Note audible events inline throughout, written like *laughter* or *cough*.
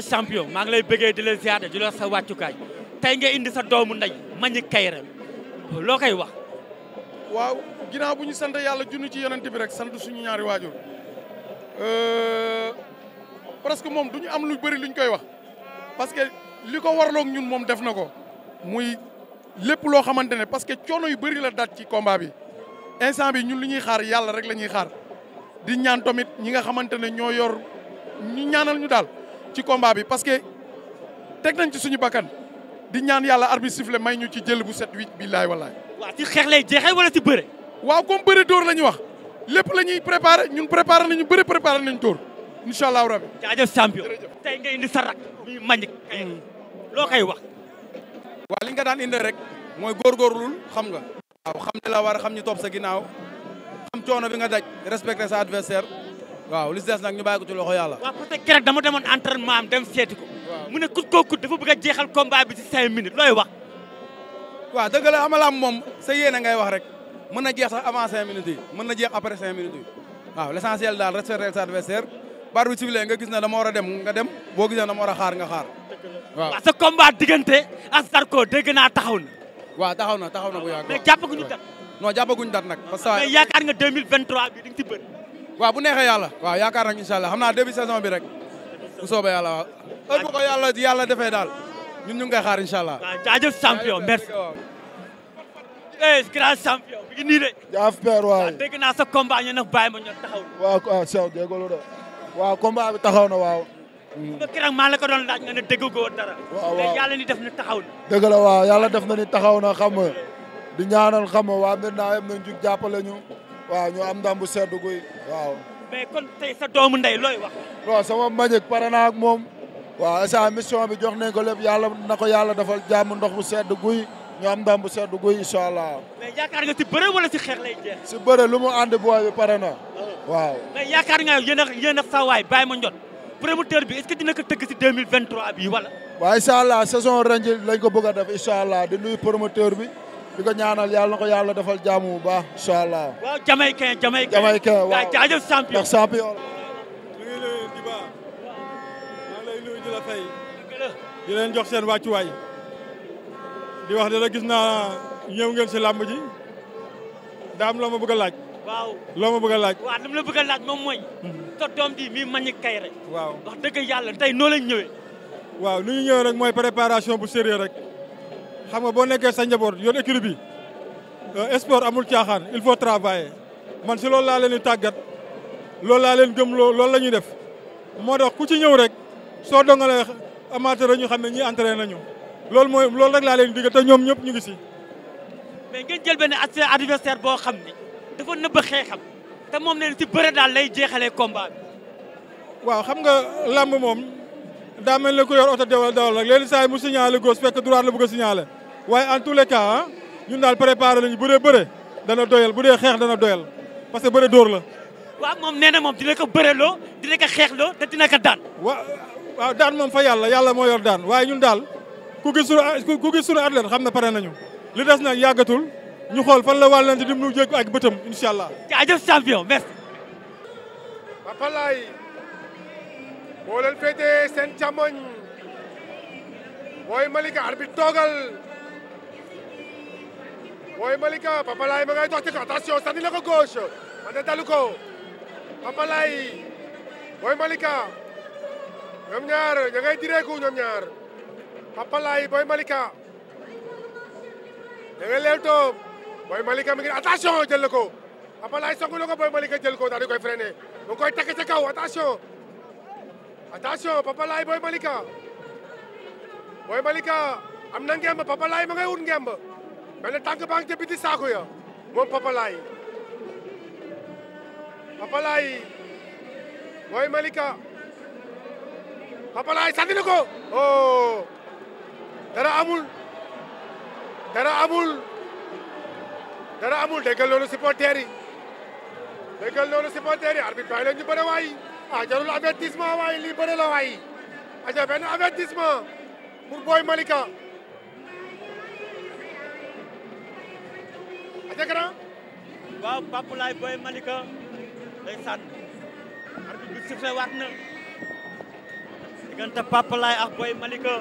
grand champion maa ngi lay bëggee di la ziyaare di la sa wàccukaay tey nga indi sa doomu ndey Mbagnick Kaïré loo koy wax. waaw ginnaaw bu ñu sant yàlla junni ci yonent bi rek sant suñu ñaari waajur euh, presque moom du ñu am lu bëri lu ñu koy wax parce que li ko warloog ñun moom def na ko muy lépp loo xamante ne parce que coono yu bëri la dat ci kombaa bi instant bi ñun li ñuy xaar yàlla rek la ñuy xaar di ñaan tamit ñi nga xamante ne ñoo yor ñu ñaanal ñu daal. ci combat bi parce que teg nañ ci suñu bakkan di ñaan yàlla arbitre sifflé may ñu ci jël bu set huit billaay wallaay. waaw ci xeex lay jeexee wala ci bëre. waaw comme bëre dóor la ñuy wax lépp la ñuy préparé ñun préparé nañu bëre préparer nañu dóor incha allahu rabi. jaajëf champion tey nga indi sa rak muy Mbagnick mm. loo koy wax. waa li nga daan indi rek mooy góorgóorlul xam nga. waaw xam ne la war a xam ñu topp sa ginnaaw xam coono bi nga daj respecté sa adversaire. waaw li si des nag ñu bàyyi ko ci loxo yàlla. waaw parce que keroog dama demoon entraînement am dem seeti ko. mu kut koo kut dafa bëgg a jeexal combat bi ci cinq minutes looy wax. waaw dëgg la moom sa yéene ngay wax rek mën na jeex sax avant cinq minutes yi mën na jeex après cinq minutes yi waaw l' daal respecter adversaire bar bi nga gis ne dama war a dem nga dem boo gisee dama war a xaar nga xaar. waaw sa combat diggante ak Zarko dégg naa taxaw na. waaw taxaw na taxaw na bu yàgg. mais jàppaguñu dat. non jàppaguñu dat nag. parce que yaakaar nga waaw bu neexee yàlla waaw yaakaar nañ incha allah xam naa début saison bi rek yàlla waaw defee daal ñun ñu ngi koy xaar incha allah. waaw jaajëf champion merci. eh jaaf père waay dégg naa sa combat ñu nag bàyyi ma ñu taxaw. na waaw. maa la ko doon laaj nga ne dégg goo dara. waaw waaw yàlla ni def ni taxaw na. dëgg la waaw yàlla ni taxaw na xam nga di ñaanal xam nga waa Medina yëpp nañ jug jàppale ñu. waaw ñu am ndam bu sedd guy waaw. mais kon tey sa doomu ndey looy wax. non sama Mbagnick pare naa moom. waaw sa mission bi jox nañ ko lépp yàlla na ko yàlla defal jàmm ndox bu sedd guy ñu am ndam bu sedd guy incha allah. mais yaakaar nga si bëre wala si xeex lay jeex. si bëre lu mu ànd booy bi pare na. waaw mais yaakaar nga yéen a yéen a saa waay bàyyi ma njot bi est ce que dina ko tëgg si 2023 bi wala. waaw incha allah saison ren ji ko bëgg a def incha allah di nuyu bi. di ko ñaanal yàlla na ko defal jaamu bu baax incha allah. waaw Jamaïcain Jamaïcain Jamaïcain waaw jaajëf champion ndax champion di leen jox seen wàccuwaay. di wax dara gis na ñëw ngeen si làmb ji. daam loo ma bëgg laaj. waaw loo ma bëgg laaj. waaw li ma la bëgg a moom mooy. te mhm. doom mi mañi kay waaw wax dëgg yàlla tey noo lañ ñëwee. waaw li ñu ñëwee rek mooy préparation bu sérieux rek. xam nga boo nekkee sa njaboot yor équipe bi euh, sport amul caaxaan il faut travailler man si loolu laa leen tàggat loolu laa leen gëm loolu la ñuy def moo tax ku ci ñëw rek soo dongalee amateur ñu xam ne ñii entraîné nañu loolu mooy loolu rek laa leen digg te ñoom ñëpp ñu ngi si. mais ngeen jël benn adversaire boo xam ni dafa nëbb xeexam te moom nee na si bëre daal lay jeexalee combat bi. waaw xam nga làmb moom daa mel ne ku yor oto dawal dawal rek léegi saa yi mu signalé la waaye en tous les cas ah ñun daal préparé lañu bu dee bëre dana doyal bu dee xeex dana doyal parce que bëre dóor la. waaw moom nee na moom dina ko bëreloo dina ko xeexloo te dina ko daan. waaw waaw daan moom fa yàlla yàlla moo yor daan waaye ñun daal ku gis sunu ku gis sunu athlète xam na pare nañu li des nag yàggatul ñu xool fan la wàllante di mu jéggi ak bëtam incha allah. jaajëf champion merci. Papa Laye boo leen féetee seen càmmoñ booy Malika arbitre toogal. Boy Malika Papa Laye ma ngay dox ci kaw attention sànni na ko gauche ande dalu ko Papa Laye Boy Malika ñoom ñaar ña ngay direeku ñoom ñaar Papa Laye Malika ña ngay leeltoo Boy Malika mi ngi attention jël na ko songu na ko Malika jël ko daal di koy freiné mu koy takk ca kaw attention attention Papa Laye Boy Malika Boy Malika am na ngemb Papa Laye ma ngay benn tànk baa ngi ca biti saako ya moom papalaay papalaay booy Malika papalaay sànni ko oh dara amul dara amul dara amul déggal loolu supporter yi déggal loolu supporter yi arbitre bàyyi leen ñu bëre waay ah jarul avertissement waay lii bëre la waay aja benn avertissement pour booy Malika aca grand waaw Pape Laye Boy Malika day sànn arbitre bi sifflé waat na diggante Pape Laye ak Boy Malika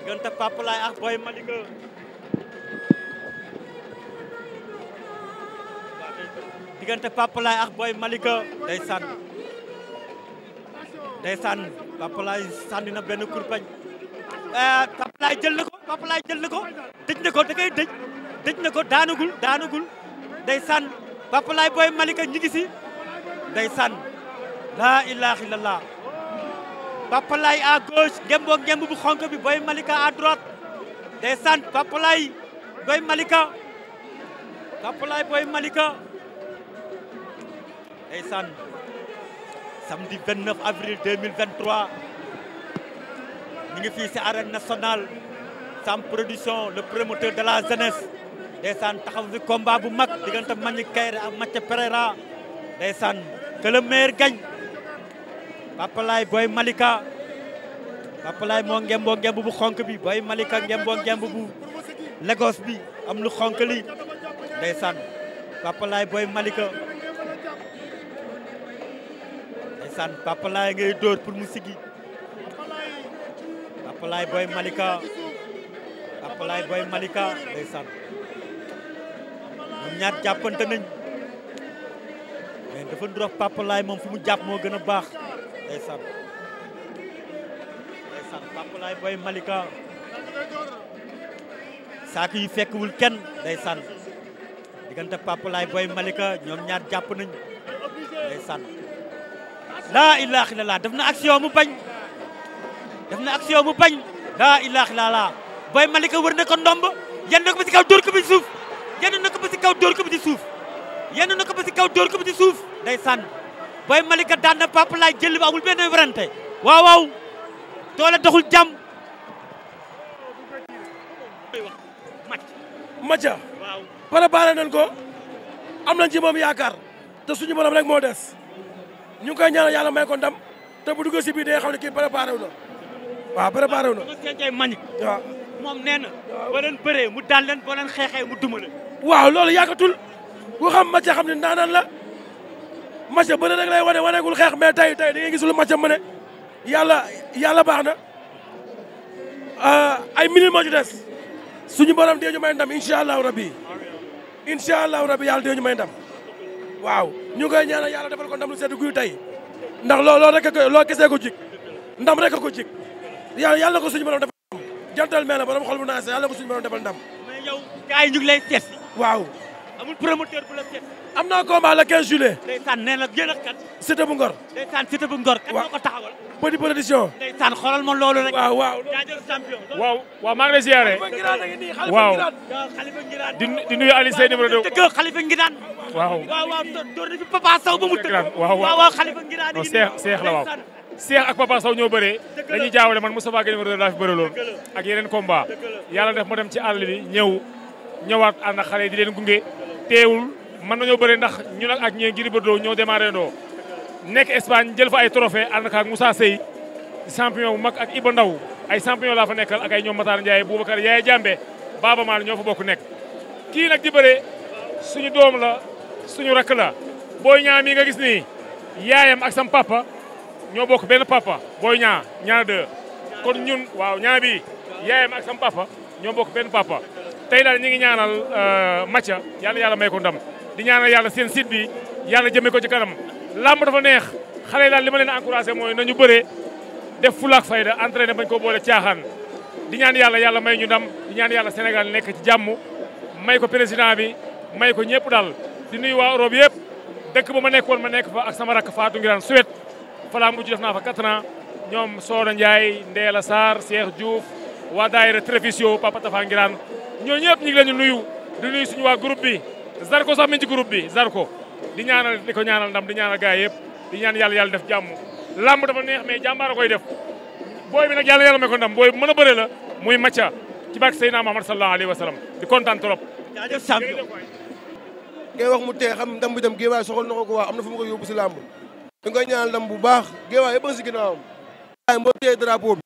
diggante Pape Laye ak Boy Malika day sànn day sànn Pape Laye sànni na benn kurpañ eh, jël na ko Pape na ko tëj na dëj na ko daanagul daanugul day sànn bapalaay booy malika ñi ngi day sànn laa ilaha illallah bapalaay à gauche ngemboo ngemb bu xonk bi booy malika à droite day sànn bapalaay booy malika bapalaay booy malika day sànn samedi avril 2023 ñu fii si arène nationale Sam Production le promoteur de la jeunesse ndeysaan taxaw fi combat bu mag diggante Mbagnick Kaïré ak Mathieu Pereira ndeysaan que le meilleur gagne Papa Laye Malika Papa Laye moo ngemboo ngemb bu xonk bi Boy Malika ngemboo ngemb bu Lagos bi am lu xonk li ndeysaan Papa Laye Boy Malika ndeysaan Papa Laye ngay dóor pour mu sigi Papa Laye Malika Papa Laye Boy Malika ndeysaan ñoom ñaar jàppante nañ mais dafa ndurox Papa moom fu mu jàpp moo gën a baax ndeysaan ndeysaan Papa Laay booy Malika saako yu fekkwul kenn day diggante Papa Laay booy Malika ñoom ñaar jàpp nañ ndeysaan laa ilaaha illallah def na action mu bañ def na action mu bañ laa ilaaha illallah booy Malika wër na ko ndomb yenn ko bi kaw dóor ko kaw dóor ko ci suuf day sànn Boy Malika daan na Pape jël a amul benn werante waaw waaw doole doxul jàmm Macha ah. waaw préparé nan ko am nañ ci moom yaakaar te suñu borom rek moo des ñu ngi koy ñaanal yàlla may ko te bu duggee si biir day xam ne kii préparé wu na waaw préparé wu na. waaw moom nee na. waaw boo leen bëree mu daal leen boo leen xeexee mu dumale. ku xam Mathia xam ne ndaanaan la Mathia bëre rek lay wane waneegul xeex mais tey tey da ngay gis lu Mathia mën a yàlla yàlla baax na ah, ay minutes moo ci des suñu borom dee ñu may ndam incha allahu rabi incha allahu rabi yàlla dee ñu may ndam waaw ñu koy ñaanal yàlla defal ko ndam lu sedd guy tey ndax loo loo rek loo kesee ko jik ndam rekk ko jik yàlla yàlla na ko suñu borom defal ndam jantal mel na borom xol bu naase yàlla na ko suñu borom defal ndam. mais amul am naa combat le 15 juillet. ndeysaan nee na yéen ak kat. Siteu bu Ngor. ndeysaan Siteu bu Ngor. waaw kat moo ko taxawal. ma loolu rek. waaw waaw jaajëf champion. waaw waaw maa ngi lay ziare. waaw. di di nuyu Aliou Seye numéro 2. dëgg Khalifa Ngiraan. waaw waaw waaw door na fi Papa Sow seex la waaw. Seex ak Papa Sow ñoo bëree dañuy jaawale man Moustapha Gueye numéro 2 laa fi bëre loon ak yeneen combat yàlla def ma dem ci àll bi ñëw ñëwaat ànd xale di leen gunge man mën ñoo bëre ndax ñun ak ñee Gris Bordeaux ñoo démarré ndoo nekk Espagne jël fa ay trophée ànd ak Moussa Seye champion bu mag ak Iba Ndaw ay champion laa fa nekkal ak ay ñoom Matar Ndiaye Boubacar Yaye Jambe Baba Maal ñoo fa bokk nekk kii nag di bëre suñu doom la suñu rakk la mi nga gis nii yaayam ak sam ñoo bokk benn papa Boy Niang ñaar deux kon ñun waaw ñaar bi yaayam ak sam ñoo bokk benn papa tey daal ñu ngi ñaanal euh, Mathia yàlla yàlla may ko ndam di ñaanal yàlla seen site bi yàlla jëmee ko ci kanam làmb dafa neex xale yi daal li ma leen encouragé mooy nañu bëree def fulaak fayda entraîné bañ ko boole caaxaan di ñaan yàlla yàlla may ñu ndam di ñaan yàlla Sénégal nekk ci jàmm may ko président bi may ko ñëpp daal di nuyu waa Europe yëpp dëkk ba ma nekkoon ma nekk fa ak sama rakk Fatou Ngiraan Suède fa laa mujj def naa fa 4 ans ñoom Soda Ndiaye Ndeela Sarr Cheikh Diouf waa daayira Trevisio Papa Tafa Ngiraan ñooñu ñëpp ñu ngi leen di nuyu di nuyu suñu waa groupe bi Zarko sax mi ci bi Zarko di ñaanal di ko ñaanal ndam di ñaanal gars yëpp di ñaan yàlla yàlla def jàmm làmb dafa neex mais jàmbaar a koy def booy bi nag yàlla yàlla may ko ndam booy bi mën a bëre la muy macca ci bàkk Seydina Muhammad sallallahu alayhi wa sallam di kontaan trop jaajëf champion ngay wax mu tee xam ndam bi dem géewaay soxal na ko ko waa am na fu mu ko yóbbu si làmb di nga ñaanal ndam bu baax géewaay yëpp a si ginnaawam mboo tee drapeau bi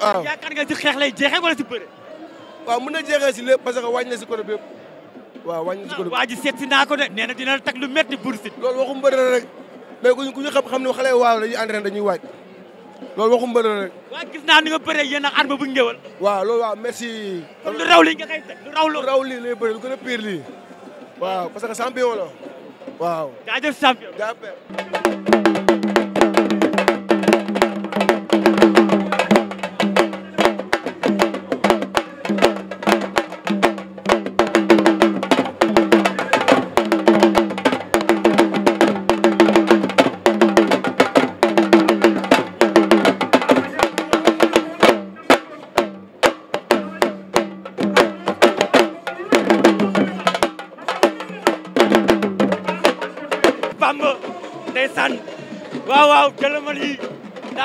ah. yaakaar nga ci xeex lay jeexee wala waaw mën na jeexee si lépp parce que wàññi na si côté bépp waaw wàññi na si côté bépp waa ji seet si naa de nee na dina la teg lu métti Boury Sine loolu waxu mbër la rek mais ku ñu xam-xam ne xale waaw dañuy entraîné dañuy waaj loolu waxu mbër rek waaw gis naa ni nga bëree yéen ak arme bu ngéwal waaw loolu waaw merci lu raw li nga koy teg lu raw lu raw lii lay bëri lu gën a pire lii waaw parce que champion la waaw jaajëf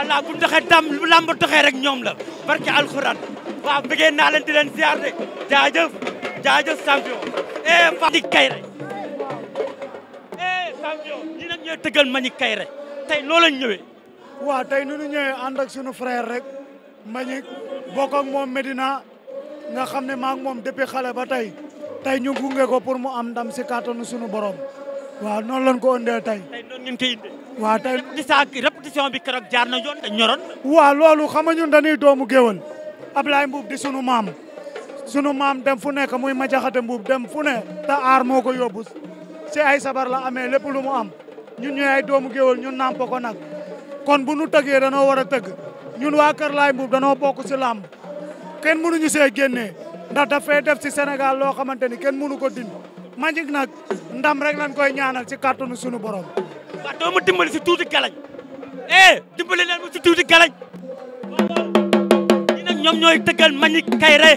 allah bu doxee tam lamb doxee rek ñoom la barke alxuraan waaw bëggee naa leen di leen ziar de jaajëf jaajëf champion eh Fatick Kayre eh champion ñi nag ñooy tëggal Mbagnick Kayre tey loo la ñëwee waaw tey nu ñu ñëwee ànd ak suñu frère rek Mbagnick bokk ak moom Medina nga xam ne maa ngi moom depuis xale ba tey tey ñu gunge ko pour mu am ndam si kàttanu suñu borom waaw noonu lañ ko indee tey. tey noonu ñu ngi koy indee. waaw tey répétition bi keroog jaar na yoon dañ ñoroon. loolu xam nga ñun dañuy doomu géwël Ablaye Mbuub di sunu maam sunu maam dem fu nekk muy Majaxate Mbuub dem fu ne te aar moo ko yóbbu si ay sabar la amee lépp lu mu am ñun ñu ay doomu géwël ñun nàmp ko nag kon bu nu tëggee danoo war a tëgg ñun waa Kër Laay Mbuub danoo bokk si làmb kenn mënuñu se génnee ndax dafay def si Sénégal loo xamante ni kenn mënu ko din Magic nag ndam rek lañ koy ñaanal ci kàttanu sunu borom. waaw doo ma dimbali si tuuti galañ. eh dimbali leen ma si tuuti galañ. waaw waaw ñi ñoom ñooy tëggal Manick Kaïré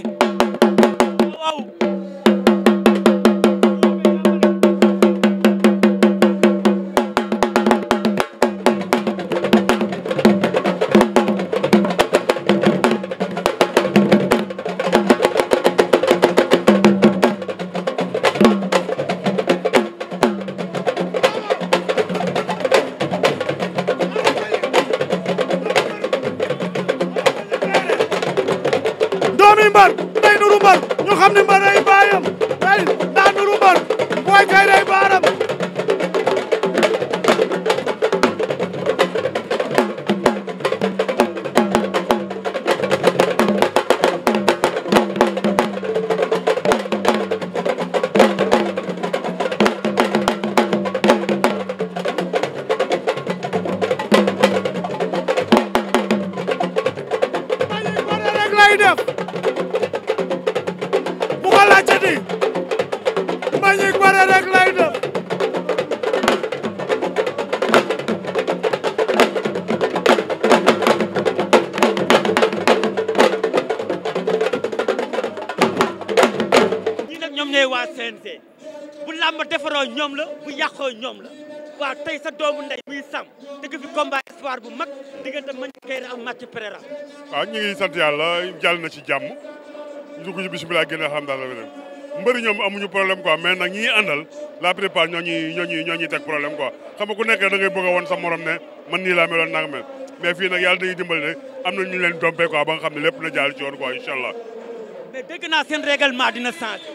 yooyu ñoom la waaw tey sa doomu ndey muy Sam dëgg fi combat espoir bu mag diggante Mbagnick Kaïré ak Mathieu Pereira waaw ñu ngi sant yàlla jàll na ci jàmm dugg ci bisimilah génn alhamdulilah rabbil mbëri ñoom amuñu problème quoi mais nag ñi àndal la plupart ñooñu ñooñu ñoo teg problème quoi xam ku nekk da ngay bëgg a woon sa morom ne man nii laa meloon nag mel fii nag yàlla dañuy dimbali ne am na ñu leen dompee quoi ba nga xam ne lépp na jaal ci yoon quoi incha allah mais dégg naa seen règlement dina changé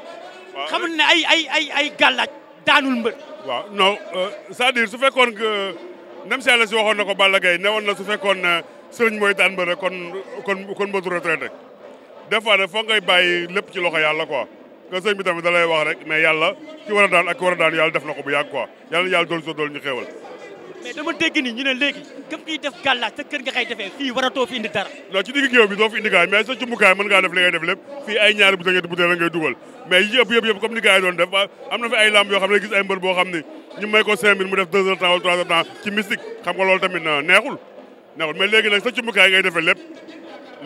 xam ne ay ay ay ay gàllaaj daanul waaw non euh, sa à dire su fekkoon que euh, ndem si yàlla si waxoon na ko Balla Gaye newoon na su fekkoon euh, sëriñ mooy daan bëre rek kon kon mbëtu retraité des fois nag foo ngay bàyyi lépp ci loxo yàlla quoi que sëñ bi tamit da wax rek mais yàlla ki war a daan ak ki war a daan yàlla def na ko bu yàgg quoi yàlla yàlla dool so dool ñu xéewal mais dama dégg ni ñu ne léegi képp kuy def gàllaaj sa kër nga koy defee fii waratoo fi indi dara non ci digg géew bi doo indi gaay mais sa cumbukaay mën ngaa def li def lépp ah, ne gis ay mbër boo xam ne ñu may ko cinq mille mu def deux heures temps trois heures temps ci mystique xam nga loolu tamit neexul neexul mais léegi nag sa cumbukaay ngay defee lépp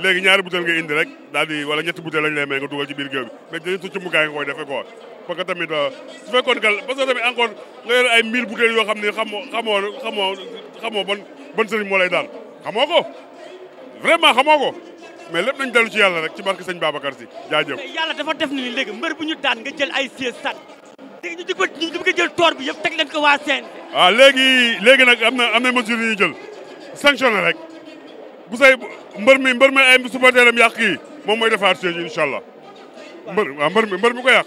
léegi ñaari butéel ngay indi rek daal di ñetti butéel lañ nga dugal ci biir géew bi mais sa cumbukaay nga koy parce que tamit euh, su fekkoon gal parce que tamit encore nga yore ay mille bouteilles yoo xam ne xamoo xamoo xamoo xamoo ban ban sëriñ moo lay daal xamoo ko vraiment xamoo ko mais lépp nañ dellu ci yàlla rek ci barke sëñ Babacar si jaajëf. yàlla dafa def ni léegi mbër bu ñu daan nga jël ay siège sat léegi ñu di ko ñu di ko jël toor bi yëpp teg leen ko waa seen waaw ah, léegi léegi nag am na am na mesure yu ñu jël sanctionné rek bu say mbër mi mbër mi ay supporteram yàq yi moom mooy defaat siège incha allah mbër ah, mbër mi mbër mi ko yàq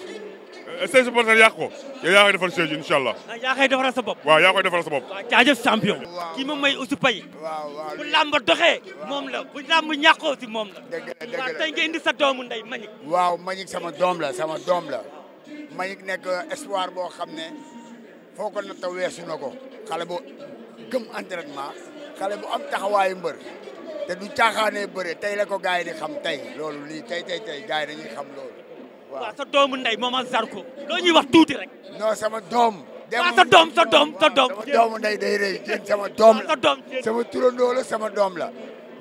Euh, say supporters yàq ko yow yaa koy ah, sa bopp. waaw yaa koy defaral sa bopp. waaw jaajëf champion. waaw kii moom mooy Ousou Paye. waaw waaw bu làmb doxee. moom la bu làmb ñàkkoo si moom la. dëgg la dëgg tey nga indi sa doomu ndey Manick. waaw Manick sama doom la sama doom la Manick nekk espoir boo xam ne foo ko natt weesu na ko xale bu gëm entraînement xale bu am taxawaay mbër. te du caaxaanee bëre tey la ko gars yi di xam tey loolu lii tey tey tey gars yi xam loolu. waaw sa doomu ndey mooma Zarko loo ñuy wax tuuti rek. non sama doom. waaw sa doom sa doom sa doom. sama doomu ndey day rëy jéen sama doom la sama turandoo la sama doom la.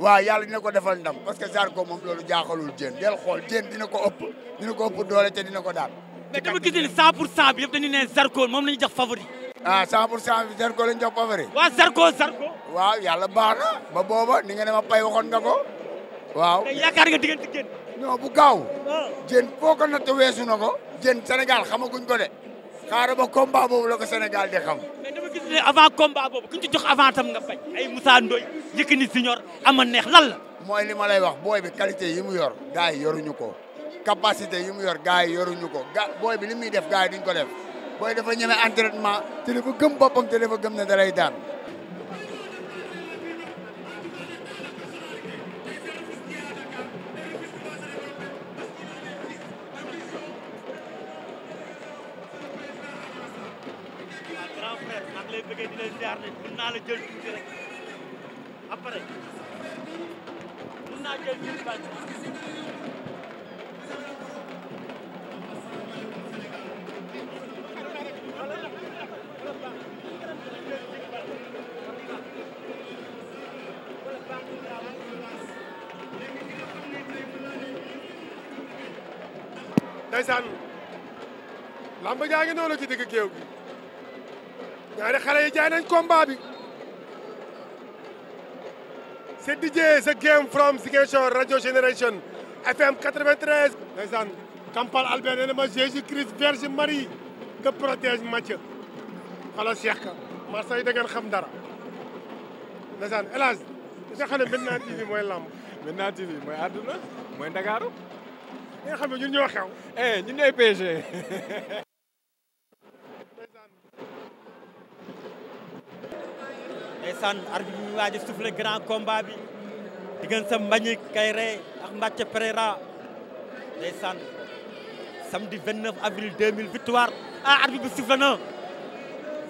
waa yàlla dina ko defal ndam parce que Zarko moom loolu jaaxalul jéen del xool jéen dina ko ëpp dina ko ëpp doole te dina ko daan. mais dama gis ne 100 pour 100 ne Zarko moom la ñu jox favori. ah 100 pour 100 bi Zarko la ñu jox favori. waaw Zarko Zarko. waaw yàlla baax ba booba ni nga ne ma pay waxoon nga ko waaw. yaakaar non bu gaaw jën foo ko natt weesu na ko jën Sénégal xamaguñ ko de xaaral ba combat boobu la ko Sénégal de xam. mais dama gis ne avant combat boobu ku ñu ci jox avant tam nga bañ ay Moussa Ndoye Yékini Junior ama neex lan mooy li ma lay wax booy bi qualité yi mu yor gars yoruñu ko capacité yi mu yor gars yi yoruñu ko ga booy bi li muy def gars yi duñ ko dem booy dafa ñeme entraînement te dafa gëm boppam te dafa gëm ne da lay daan. lay bëggee di lay ziar jaa ngi noonu ci digg géew gi ñaari xale yi jaay nañ combat bi c'est DJ The Game from Ziguinchor Radio Génération FM 93 ndeysaan Kampal Albert nee na Jésus-Christ Vierge Marie Ka marsa yi da ngeen xam dara ndeysaan El Hadj nga xam ne Médina TV mooy lamb Médina TV mooy àdduna mooy Ndakaaru nga xam ne ñun eh, ñooy PG *laughs* ndeysaan arbitre bi mu waaj a soufflé grand combat bi diggante sa Mbagnick Kaïré ak Mbathie Pereira ndeysaan samedi 29 avril 2000 victoire ah arbitre bi soufflé na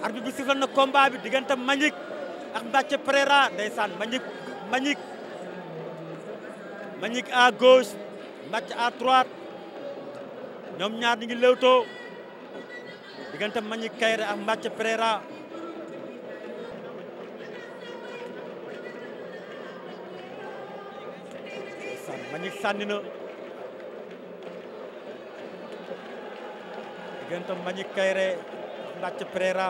arbitre bi soufflé na combat bi diggante Mbagnick ak Mbathie Pereira ndeysaan Mbagnick Mbagnick Mbagnick à gauche Mbathie à droite ñoom ñaar ñu ngi lewtoo diggante Mbagnick Kaïré ak Mbathie Pereira Mbagnick sànni na diggante Mbagnick Kaïré ndàcc Pereira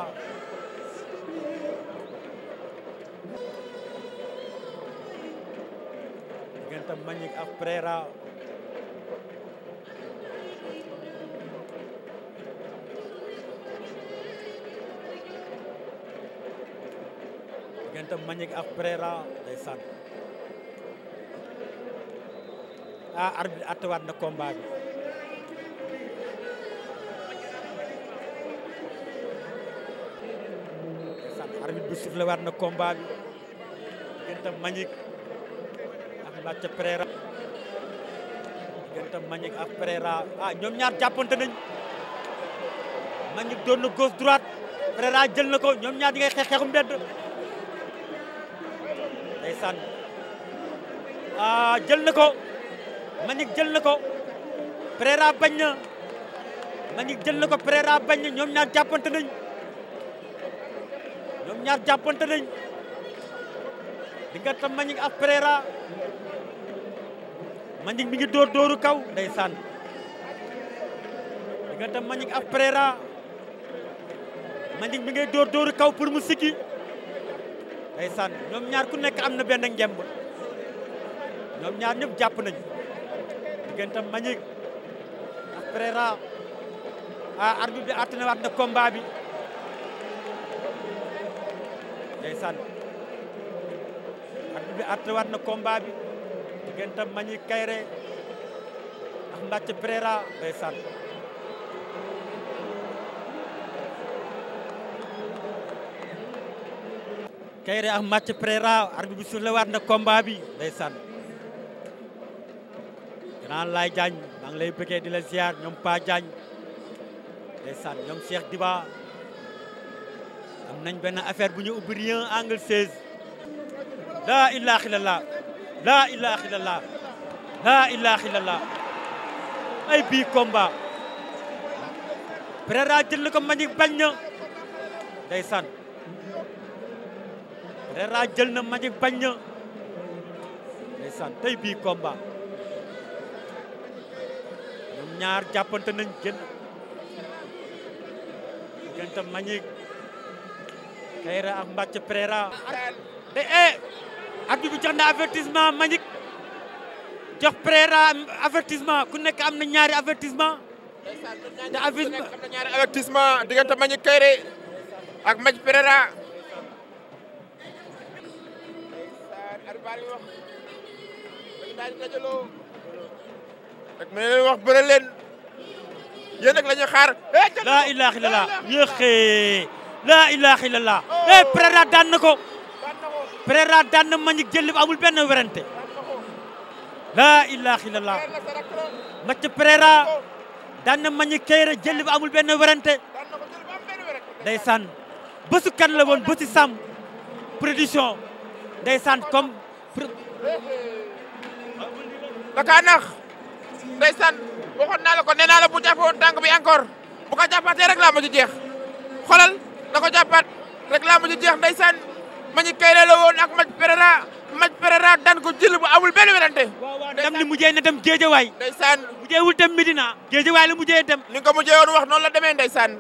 diggante Mbagnick ak Pereira diggante Mbagnick ah arbitre attewaat na combat bi arbitre bi sifflé waat na combat bi diggante Mbagnick ak Lathia Pereira diggante Mbagnick ak Pereira ah ñoom doon na gauche droite Pereira jël na ko ñoom ñaar di ngay xeex xeexu mbedd ndeysaan ah jël na ko Manick jël na ko Pereira bañ na Manick jël na ko Pereira bañ na ñoom ñaar jàppante nañ ñoom ñaar jàppante nañ diggante Manick ak Pereira Manick mi ngi dóor dóoru kaw ndeysaan diggante Manick ak Pereira Manick mi ngay dóor dóoru kaw pour mu sikki ndeysaan ñoom ñaar ku nekk am na benn ngemb ñoom ñaar ñëpp jàpp nañ diggantam Manick ak Pereira ah arbitre bi àtte na waat na combat bi ndeysaan arbitre bi àtte waat na combat bi diggantam Manick Kairé ak Mbathie Pereira ndeysaan Kairé ak bi suuf la waat na combat bi ndeysaan naan lay Diagne maa ngi lay bëggee di la ziar ñoom Pa Diagne ndeysaan Diba am nañ benn affaire bu ñu ubbi rien angle 16 laa ilaha illallah laa ilaha illallah laa ilaha illallah ay bii combat Pereira jël ko Mbagnick bañ na ndeysaan Pereira jël na Mbagnick bañ na ndeysaan tey bii combat ñoom ñaar jàppante nañ gën diggante Manick Kayra ak Mbathie Pereira de e arbitre bi jox na avertissement Manick jox Pereira avertissement ku nekk am na ñaari avertissement te avertissement am na ñaari ak Mbathie Pereira rek ma leen wax bëre leen yéen nag la ñuy xaar. Eh, laa ilaaha illallah yéexee laa ilaaha illallah. Oh. eh Pereira daan na ko. Pereira daan na Mbagnick jël bi amul benn werante. laa ilaaha illallah. Mathieu Pereira daan na Mbagnick Kaïré jël bi amul benn werante. ndeysaan bésu kan la woon bésu Sam production ndeysaan comme. Eh, eh. da kaa ndeysaan waxoon naa la ko nee naa la bu jàppoon tànk bi encore bu ko jàppaatee rek laa mujj jeex xoolal da ko jàppaat rek laa mujj jeex ndeysaan ma ñu kay woon ak maj Pereira maj Pereira dan ko jël bu amul benn werante dam li mujjee na dem géejawaay ndeysaan tam dem Medina géejawaay la mujjee dem tam nga ko mujjee woon wax noonu la demee ndeysaan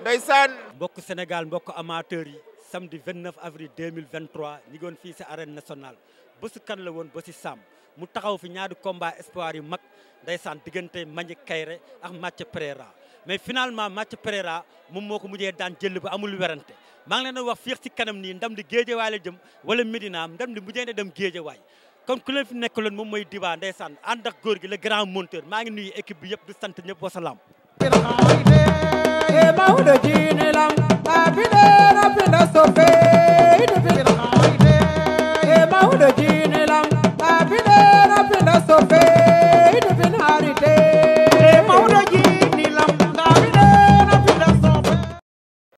ndeysaan mbokk senegal mbokk amateur yi samedi 29 avril 2023 ñi goon fii si arène nationale bésu kan la woon ba si saam mu taxaw fi ñaari combat espoir yu mag ndeysaan diggante Manick Kairé ak Mathieu Pereira mais finalement Mathieu Pereira moom moo ko mujjee daan jël ba amul werante maa ngi leen a wax fii ci kanam nii ndam di géejewaay la jëm wala Medina ndam di mujjee ne dem géejewaay kon ku leen fi nekk loon moom mooy Diba ndeysaan ànd ak góor gi le grand monteur maa ngi nuyu équipe bi yëpp du sant ñëpp wasalaam mawɗo jiinilam haa bine rafina so feydu bina